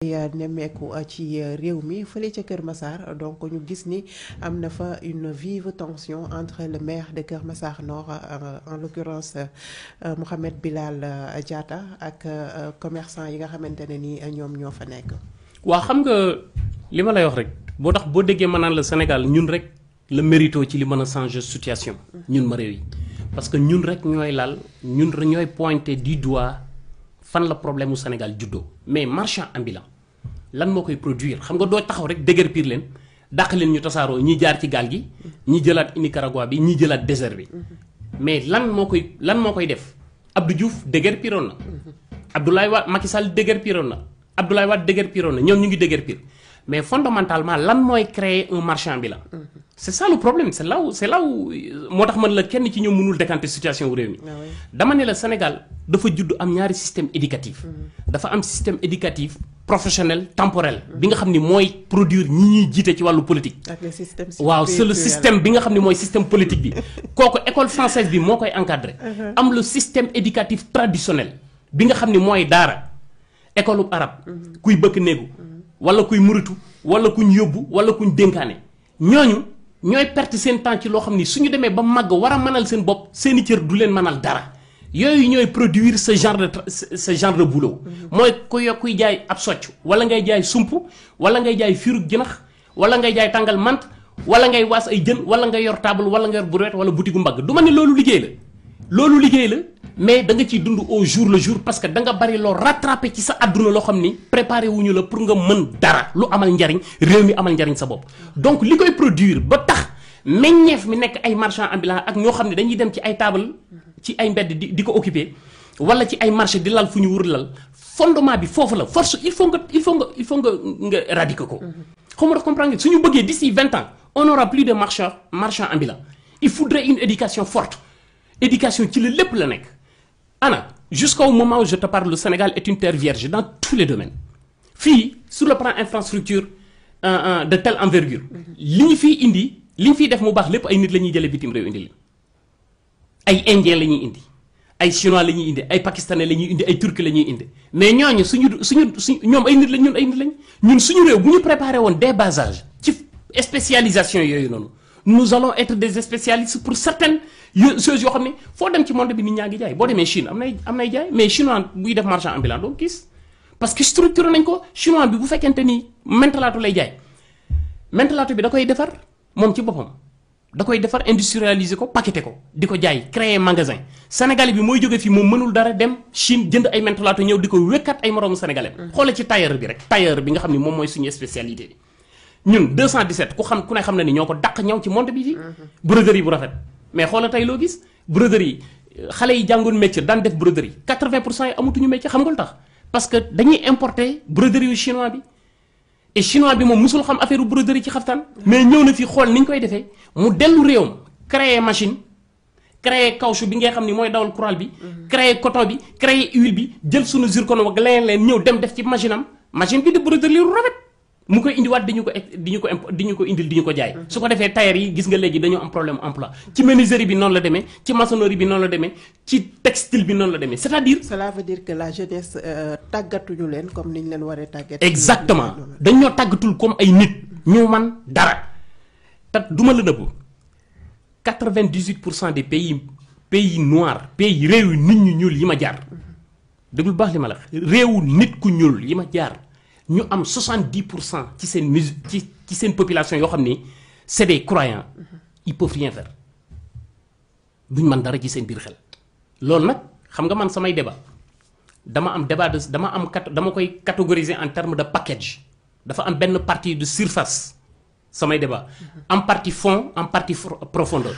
Eh, nemmeeku eh, ci eh, réew mi fële ca Massar donc ñu gis ni am na fa une vive tension entre le maire de Kër Massar Nord en l'occurrence Mohamed Bilal Adjata ak commerçants yi nga xamantene ni ñom ñoo fa nek wa xam nga lima lay wax rek bo tax bo déggé manan le Sénégal ñun rek le mérito ci li mëna changer situation. ñun ma réew yi parce que ñun rek ñoy laal ñun ñoy pointer du doigt fan la problème au Sénégal juddoo mais marchand ambulant lan moo koy produire xam nga doo taxaw rek dëgër piir leen dàq leen ñu tasaaroo ñi jaar ci gaal gi ñi jëlaat Nicaragua bi ñi jëlaat désert bi mais lan moo koy lan moo koy def Abdou Diouf dëgër piiroon na Abdoulaye Wade Macky Sall dëgër piiroon na Abdoulaye Wade dëgër piiroon na ñoom ñu ngi dëgër piir mais fondamentalement lan mooy créé un marché en bilan mhm. C'est ça le problème c'est là où C'est là où moi man la kenn ci décanter situation wu le ah dama Sénégal dafa y am ñaari système éducatif mhm. dafa un système éducatif professionnel temporel bi nga xam moi produire produire ñi ñuy qui ci le politique waaw c'est le système système politique bi que école française est encadrée koy encadré mhm. am le système éducatif traditionnel bi nga xam moi mooy école arabe qui bëkk néegu wala kuy muritu wala kuñ yóbbu wala kuñ dénkaane ñooñu ñooy perte seen temps loo xam ni ñu demee ba màgg war a mënal seen bopp seeni cër du leen mënal dara yooyu ñooy produire sa genre de ce genre de boulot. Mm-hmm. mooy ku yo kuy jaay ab socc wala ngay jaay sump wala ngay jaay fiiru jinax wala ngay jaay tàngal mant wala ngay waas ay jën wala nga yor taabal wala nga yor brouette wala boutique gu mbagg du ma ne loolu liggéey la. loolu liggéey la mais da nga ci dund au jour le jour parce que da nga bari lo rattraper ci sa aduna lo xamni préparé wuñu la pour nga mën dara lu amal njariñ réew mi amal njariñ sa bop donc likoy produire ba tax meññeef mi nek ay marchand ambulant ak ño xamni dañuy dem ci ay table ci ay mbedd di ko occuper wala ci ay marché di lal fuñu ñu lal fondement bi fofu la force il faut nga il faut nga il faut nga nga éradiquer ko xam nga comprendre suñu bëggee d'ici vingt ans on aura plus de marcheurs marchands ambulants il faudrait une éducation forte éducation qui le lépp la nekk ana jusqu'au moment où je te parle le Sénégal est une terre vierge dans tous les domaines Fi, sur le plan infrastructure euh, euh, de telle envergure li ñu indi li ñu def mu bax lépp ay nit la ñuy jëlee rew indi ay indien la indi ay chinois la indi ay pakistanais la indi ay turcs la indi mais ñooñu suñu suñu nous ñoom ay nit lañ ñun ay ñun suñu spécialisation nous allons être des spécialistes pour certaines yo choses yoo xam ne foo dem ci monde bi nit ñaa ngi jaay boo demee Chine am nay am nay jaay mais chinois buy def marchand ambulant doo gis parce que structuré nañ ko chinois bi bu fekkente ni mentalaatu lay jaay mentalaatu bi da koy defar moom ci boppam da koy defar industrialiser ko paqueté ko di ko jaay créer magasin sénégalais bi mooy jóge fii moom mënul dara dem Chine jënd ay mentalaatu ñëw di ko wékkat ay moroomu sénégalais mm. xoole ci tailleur bi rek tailleur bi nga xam ne moom mooy suñu spécialité bi ñun 217 ku xam ku ne xam na ni ñoo ko dàq ñëw ci monde bi fii mm-hmm. broderie bu rafet mais xoolal tey loo gis broderie yi xale yi jàngoon métier daan def broderie 80 pour cent yi amatuñu métier xam nga lu tax parce que dañuy importer broderie yu chinois bi. et chinois bi moom musul xam affaire broderie ci xaftaan mais ñëw na fi xool ni ñu koy defee mu dellu réewam créer machine créer caoutchouc bi nga xam ni mooy dawal courant bi. créer coton bi créer huile bi jël sunu zircon ak leneen leen ñëw dem def ci machine am machine bi di broderie mu koy indi wat diñu ko diñu ko diñu ko indil diñu ko jaay. Mhm. su ko defee tailleur yi gis nga léegi dañu am problème emploi ci menuiserie bi noonu la demee ci maçonnerie bi noonu la demee ci textile bi noonu la demee c'est-à-dire. cela veut dire que la jeunesse euh, tàggatuñu leen comme niñ ñu leen waree tàggat. exactement dañoo tàggatul comme ay nit ñu man dara te duma la nëbb 98 pour cent des pays pays noirs pays réewu nit ñu ñuul yi ma jaar mhm. déglu baax li ma la réewu nit ku ñuul yi ma jaar. Nous avons 70 qui cent ci qui ci ci population yoo c'est des croyants mmh. ils peuvent rien faire duñ ne dara ci seen biir xel. loolu nag xam nga man samay débat dama am débat de dama am dama koy catégoriser en termes de package dafa am une partie de surface samay débat en mmh. partie fond en partie profondeur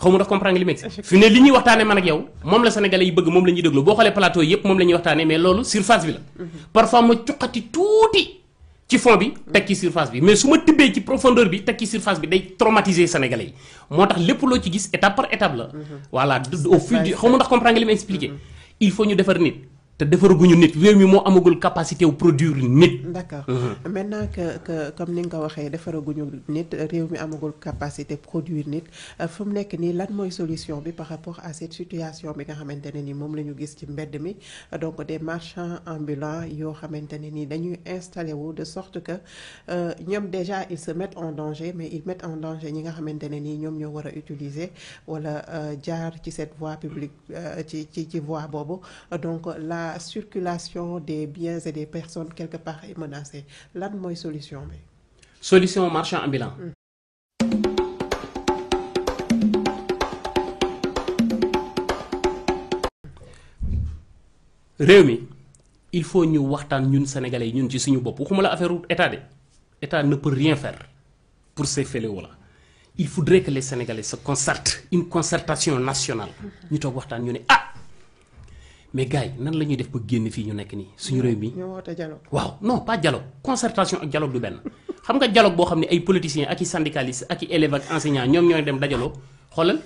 xaw ndax comprendre li meeg si fi ne li ñuy waxtaane man ak yow moom la sénégalais yi bëgg moom la ñuy déglu boo xoolee plateau yépp moom la ñuy waxtaane mais loolu surface bi la mhm. parfois ma cuqati tuuti ci fond bi teg ci surface bi mais su ma tibbee ci profondeur bi teg ci surface bi day traumatiser sénégalais yi moo tax lépp loo ci gis étape par étape la mhm. voilà au fil du xaw ndax comprendre li ma expliqué mhm. il faut ñu defar nit te nit réew mi moo amagul capacité wu produire nit. d'accord mmh. maintenant que que comme ni nga ko waxee defaraguñu nit réew mi amagul capacité produire nit euh, fu mu nekk nii lan mooy solution bi par rapport à cette situation bi nga xamante ne ni moom la ñu gis ci mbedd mi donc des marchands ambulants yoo xamante ne ni dañuy installé wu de sorte que euh, ñoom déjà ils se mettent en danger mais ils mettent en danger ñi nga xamante ne ni ñoom ñoo war a utiliser wala euh, jaar ci cette voie publique ci ci ci voie boobu donc la circulation des biens et des personnes quelque part est menacée lan mooy solution une solution marchant en bilan. Mm. Réumi, il faut nous waxtaan ñun sénégalais nous, ñun ci suñu bopp waxuma la affaire état état ne peut rien faire pour ces faits là il faudrait que les sénégalais se concertent une concertation nationale nous mm-hmm. devons waxtaan ñu ah. mais gay nan lañuy def ba génn fi ñu nekk ni suñu réew mi waaw non pas dialogue concertation ak dialogue du ben xam nga dialogue bo xamni ay politiciens ak syndicalistes ak élèves ak enseignants ñom ñoy dem dajalo xolal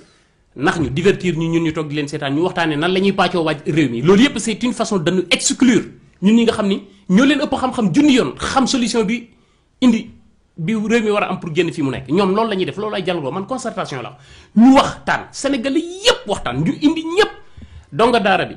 nax ñu divertir ñu ñun ñu tok di leen sétane ñu waxtane nan lañuy ñuy waj réew mi lool yépp c'est une façon de nous exclure ñun ñi nga xamni ño leen ëpp xam-xam junni yoon xam solution bi indi bi réew mi wara am pour génn fi mu nekk ñom lool lañuy def lool ay dialogue man concertation la ñu waxtane sénégalais yépp waxtane ñu indi ñépp donga daara bi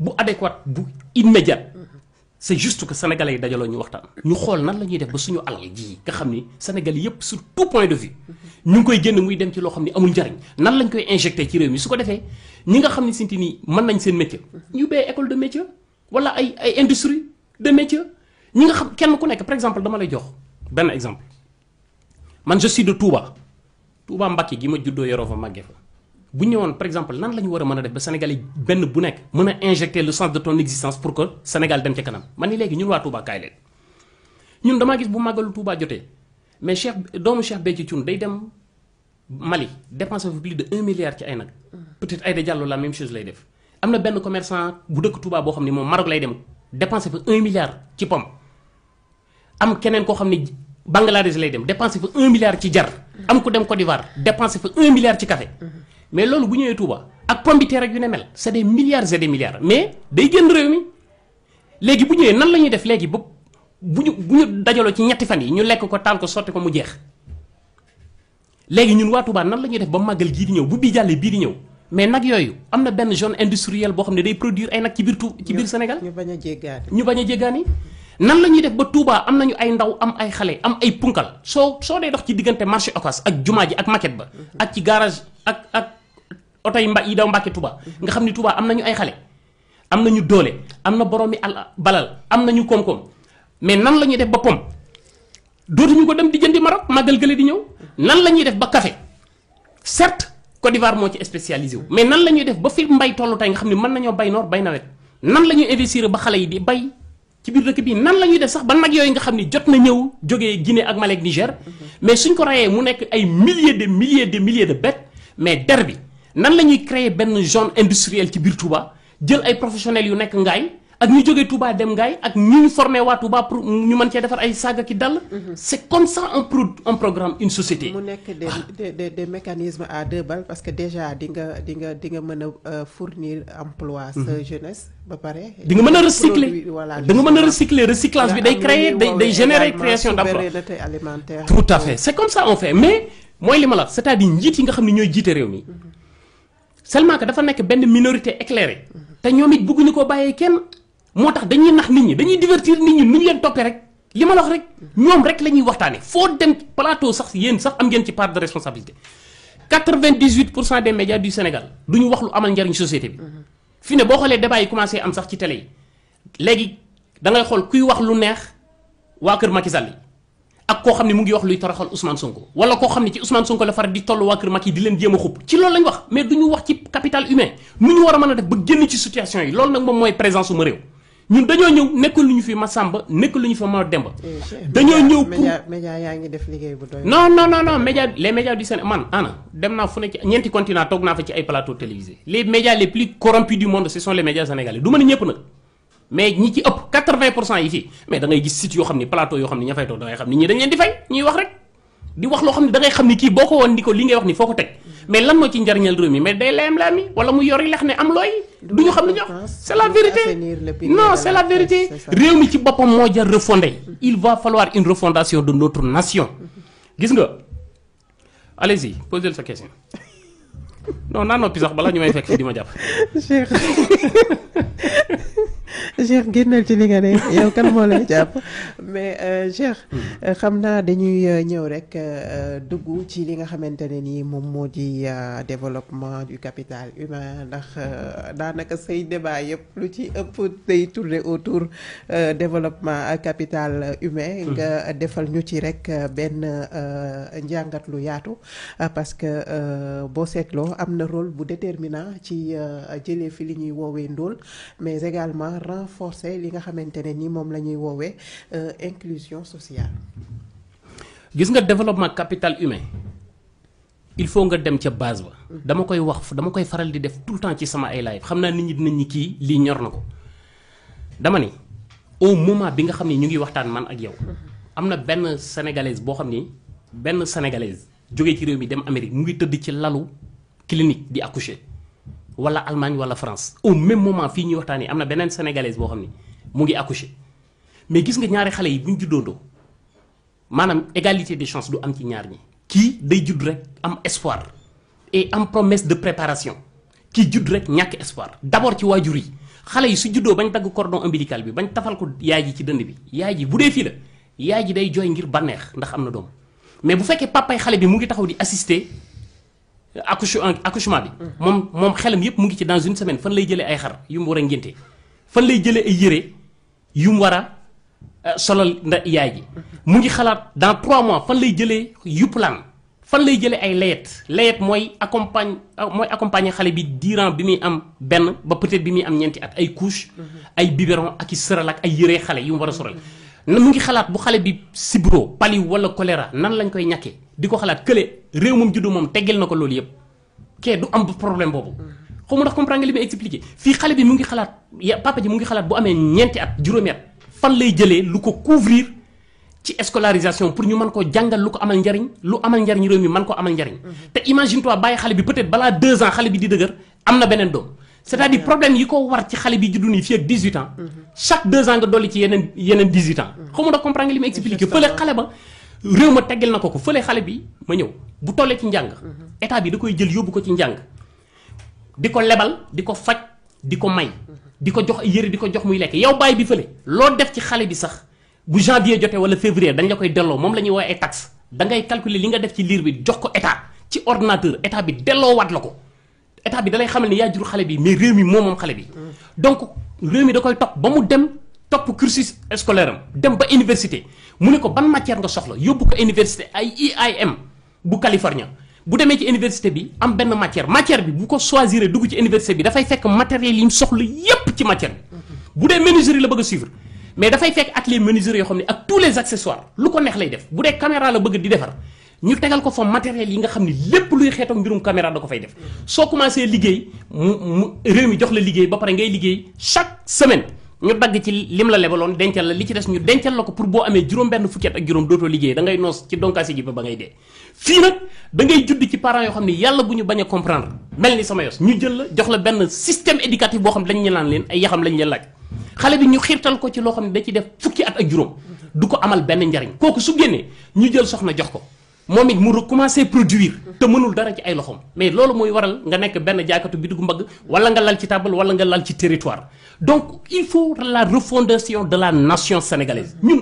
bu adéquate bu immédiat c'est juste que sénégalais yi dajaloo ñu waxtaan. ñu xool nan lañuy def ba suñu alal ji nga xam ni sénégalais yépp sur tout point de vue ñu ngi koy génn muy dem ci loo xam ni amul njariñ nan lañ koy injecté ci réew mi su ko defee ñi nga xam ne sinti nii mën nañ seen métier. ñu bee école de métier wala ay ay industrie de métier ñi nga xam kenn ku nekk par exemple dama lay jox benn exemple man je suis de Touba Touba Mbacké gi ma juddoo yoroo fa màggee fa bu ñëwoon par exemple nan la ñu war a mën a def ba sénégalais benn bu nekk mën a injecter le sens de ton existence pour que Sénégal dem ca kanam man ni léegi ñun waa Touba kaay leen ñun dama gis bu màggalu Touba jotee mais Cheikh doomu Cheikh Béthio Thioune day dem Mali dépense fa plus de un milliard ci ay nag peut-être Aïda Diallo la même chose lay def am na benn commerçant bu dëkk Touba boo xam ne moom lay dem dépense fa un milliard ci pom am keneen koo xam ne Bangladesh lay dem dépense fa un milliard ci jar am ku dem Côte d'Ivoire dépense fa un milliard ci café mais loolu bu ñëwee Touba ak pombiteer ak yu ne mel c'est des milliards et des milliards mais day génn réew mi léegi bu ñëwee nan la ñuy def léegi ba bu ñu bu ci ñetti fan yi ñu lekk ko taal ko ko mu jeex léegi ñun waa Touba nan la ñuy def ba màggal jii di ñëw bu bii jàllee bii di ñëw mais nag yooyu am na benn zone industrielle boo xam ne day produire ay nag ci biir tu ci biir Sénégal. ñu ñu bañ a jéggaani nan la ñuy def ba Touba am nañu ay ndaw am ay xale am ay punkal soo soo dee dox ci diggante marché Ocass ak jumaa ji ak maquette ba. ak ci garage ak ak oto yi yi daw Mbàkke tubaa nga xam ni tubaa am nañu ay xale am na ñu doole am na boroomi al balal am nañu koom-koom mais nan la ñuy def ba pom dootuñu ko dem di jëndi Maroc màggal gële di ñëw nan la ñuy def ba kafe certes Côte d'Ivoire moo ci spécialisé wu mais nan la ñuy def ba fi mbay tollu tey nga xam ne mën nañoo bay noor bay nawet nan la ñuy ba xale yi di bay ci biir dëkk bi nan la ñuy def sax ba nag yooyu nga xam ni jot na ñëw jógee Guinée ak Mali ak Niger mhm. mais suñ ko rayee mu nekk ay milliers de milliers de milliers de bêtes mais der bi nan lañuy créer benn zone industrielle ci biir Touba jël ay professionnels yu nekk ngaay ak ñu jógee Touba dem ngaay ak ñu ñu formé waa Touba pour ñu mën cee defar ay saga ki dal. Mhm. c'est comme ça un pro un programme une société. mu nekk ah. des des des mécanismes à deux balles parce que déjà di nga di nga di nga mën a euh, fournir emploi sa mhm. jeunesse. ba pare di nga mën a recycler da nga mën a recycler recyclage bi day créer day day générer création d'emploi tout à fait c'est comme ça on fait mais mooy li ma la c'est-à-dire njiit yi nga xam ne ñooy jiite réew mi. Mhm seulement que dafa nek ben minorité éclairée té ñoom it bëgguñu ko bàyyee kenn motax dañuy nax nit ñi dañuy divertir nit ñi nu ñu leen topé rek lima la wax rek ñom rek lañuy waxtané fo dem plateau sax yeen sax am ngeen ci part de responsabilité 98 des médias du Sénégal duñu wax lu amal njariñ société bi fi ne boo xoolee débat yi commencé am sax ci télé yi légui da ngay xol kuy wax lu neex wa kër Macky Sall ak koo xam ne mu ngi wax luy taraxal Ousmane Sonko wala koo xam ne ci Ousmane Sonko la faral di toll waa kër Macky di leen jéem a xub ci loolu lañ wax mais du ñu wax ci capital humain nu ñu war a mën a def ba génn ci situation yi loolu nag moom mooy présence ñu fi ma sàmba nekk lu ñu fi ma demba dañoo ñëw pour ngi def liggéey dem naa fu ne ci ñeenti continent toog naa fa ci ay plateau télévisé les médias les plus corrompus du monde ce sont les médias sénégalais du ma ne ñëpp nag mais ñi ci ëpp quatre yi fi mais da ngay gis site yoo xam ni plateau yoo xam ni ña fay toog da ngay xam ni ñii dañ leen di fay ñuy wax rek di wax loo xam ne da ngay xam ni kii boo ko woon di ko li ngay wax ni foo ko teg mais lan moo ci njariñal réew mi mais day layam layam yi wala mu yori lex ne am looy du ñu xam ne ñoo c'est la vérité non c'est la vérité réew mi ci boppam moo jar refonder mm-hmm. il va falloir une refondation de notre nation mm-hmm. gis nga allez-y posez sa question non naa noppi sax bala ñu may fekk fii di ma jàpp Cheikh gennal ci li nga né yow kan mo lay mais euh, Cheikh hmm. euh, xam naa dañuy euh, ñëw rek duggu ci li nga xamantene ni mom modi développement du capital humain ndax danaka sey débat yépp lu ci ëpp day tourner autour développement capital humain hmm. nga défal ñu ci rek ben njangat lu yaatu parce que bo setlo amna rôle bu déterminant ci jëlé fi li ñuy wowe ndol mais également renforcer li nga xamante ne nii moom la ñuy woowee euh, inclusion sociale. gis nga développement capital humain il faut nga dem ca base ba. dama koy wax dama koy faral di def tout le temps ci sama ay live xam naa nit ñi dinañ ñi kii lii ñor na ko dama ni au moment bi nga xam ne ñu ngi waxtaan man ak yow am na benn sénégalaise boo xam ni benn sénégalaise jógee ci réew mi dem Amérique mu ngi tëdd ci lalu clinique di accoucher. wala Allemagne wala France au même moment fi ñu waxtani amna benen sénégalaise bo xamni mu ngi accoucher mais gis nga ñaari xalé yi buñu juddondo manam égalité des chances du am ci ñaar ñi. ki day judd rek am espoir et am promesse de préparation kii judd rek ñak espoir d'abord ci wajuri xalé yi su juddoo bañ dagg cordon ombilical bi bañ tafal ko yaay ji ci dënd bi yaay ji bu dee fii la yaay ji day joy ngir banex ndax amna na doom mais bu fekkee papay xalé bi mu ngi taxaw di assister accouche accouchement bi. mom moom xelam yépp mu ngi ci dans une semaine fan lay jëlee ay xar yu mu war a fan lay jëlee ay yéré yu mu war euh, solal nda yaay ji. mu ngi xalaat dans 3 mois fan lay jëlee yuppalaan fan lay jëlee ay layet layet moy accompagne euh, moy accompagner xalé bi durant bi mi am ben ba peut-être bi mi am ñenti at ay couche ay biberon ak seral ak ay yéré xalé yu mu war a soral na mu ngi xalaat bu xale bi sibro pali wala choléra nan lañ koy ñàkkee di ko xalaat kële réew moom juddu moom teggeel na ko loolu yëpp kee du am problème boobu mm-hmm. xaw ma ndax comprendre nga li may expliqué fii xale bi mu ngi xalaat ya papa ji mu ngi xalaat bu amee ñeenti at juróomi at fan lay jëlee lu ko couvrir ci scolarisation pour ñu mën ko jàngal lu ko amal njariñ lu amal njariñ réew mi mën ko amal njariñ mm-hmm. te imagine toi bàyyi xale bi peut-être balaa deux ans xale bi di dëgër am na beneen doom c'est-à-dire problème ko war ci ans. bi deux 18 ans. chaque deux ans de dolli ci 18 ans. Comment da comprendre li ma expliqué Vous xale ba. réew ma teggeel na ko bi ma bu ci mhm. état lebal Vous may. Mhm. Diko jox faire. yëre laisses jox muy lekk yow bàyyi bi janvier ou février dañ la koy délo. moom la ñuy ay taxes da ngay calculer li nga à état bi dalay xamal ni ya jur xale bi mais réew mi moom moom xale bi. donc réew mi da koy top ba mu dem top cursus scolaire dem ba université mu ne ko ban matière nga soxla yóbbu ko université ay IIM bu California. bu démé ci université bi am ben matière matière bi bu ko choisir dugg ci université bi da fay fekk matériel yi mu soxla yépp ci matière bu dé menuiserie la bëgg suivre mais da fay fekk atelier menuiserie yo xamni ak tous les accessoires lu ko neex lay def bu dé caméra la bëgg di defar. ñu tegal ko fa matériel yi nga xam ni lépp luy xeetoog mbirum caméra da ko fay def soo commencé liggéey mu mu réew mi jox la liggéey ba pare ngay liggéey chaque semaine ñu dagg ci lim la lebaloon dencal la li ci des ñu dencal la ko pour boo amee juróom-benn fukki at ak juróom dootoo liggéey da ngay noos ci donkaasi ji ba ngay dee. ci parents yoo xam ne yàlla bu ñu bañ a comprendre mel sama yos ñu jël la jox la benn système éducatif boo xam dañ ñu naan leen ay yaxam lañ leen laaj xale bi ñu xiirtal ko ci loo xam ne da ci def fukki at ak juróom du ko amal benn njariñ kooku su génnee ñu jël soxna jox ko momit it mu recommencer produire te mënul dara ci ay loxom mais lolu moy waral nga nek ben jakatu bi mbag wala nga lal ci table wala nga lal ci territoire donc il faut la refondation de la nation sénégalaise ñun